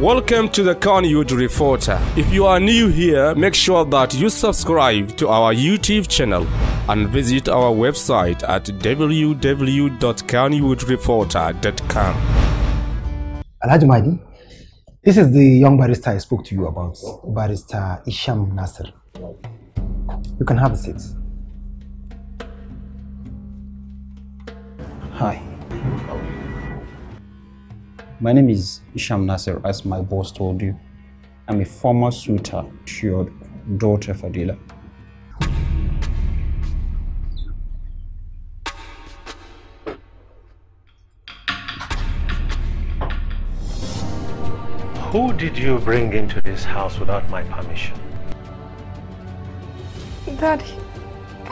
Welcome to the Khan Reporter. If you are new here, make sure that you subscribe to our YouTube channel and visit our website at www.khanyoudreporter.com. Alhaji Mahdi, this is the young barrister I spoke to you about, Barrister Isham Nasser. You can have a seat. Hi. My name is Isham Nasser, as my boss told you. I'm a former suitor to your daughter Fadila. Who did you bring into this house without my permission? Daddy,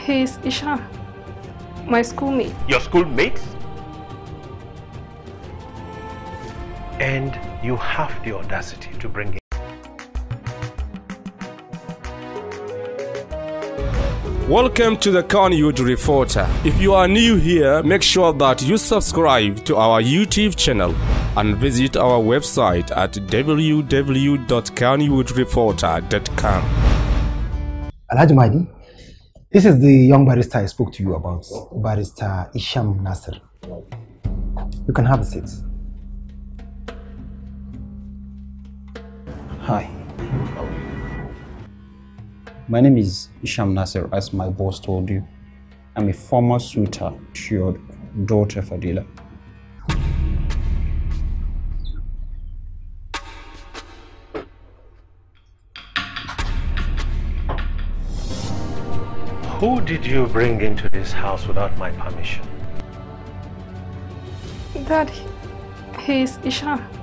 he is Isha, my schoolmate. Your schoolmate? and you have the audacity to bring it. Welcome to the Conwood Reporter. If you are new here, make sure that you subscribe to our YouTube channel and visit our website at www.conwoodreporter.com. Alhaji Mahdi, this is the young barrister I spoke to you about, Barrister Isham Nasser. You can have a seat. Hi. My name is Isham Nasser, as my boss told you. I'm a former suitor to your daughter Fadila. Who did you bring into this house without my permission? Daddy, he is Isha.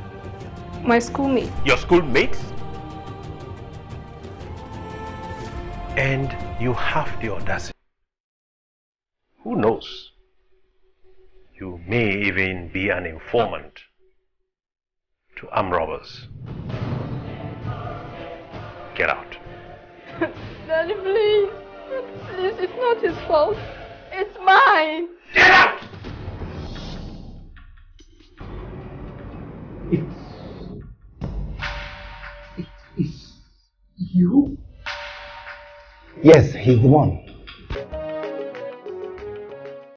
My schoolmate. Your schoolmate. And you have the audacity. Who knows? You may even be an informant to arm robbers. Get out. Daddy, please. Please, it's not his fault. It's mine. Get out! It's is you? Yes, he's the one.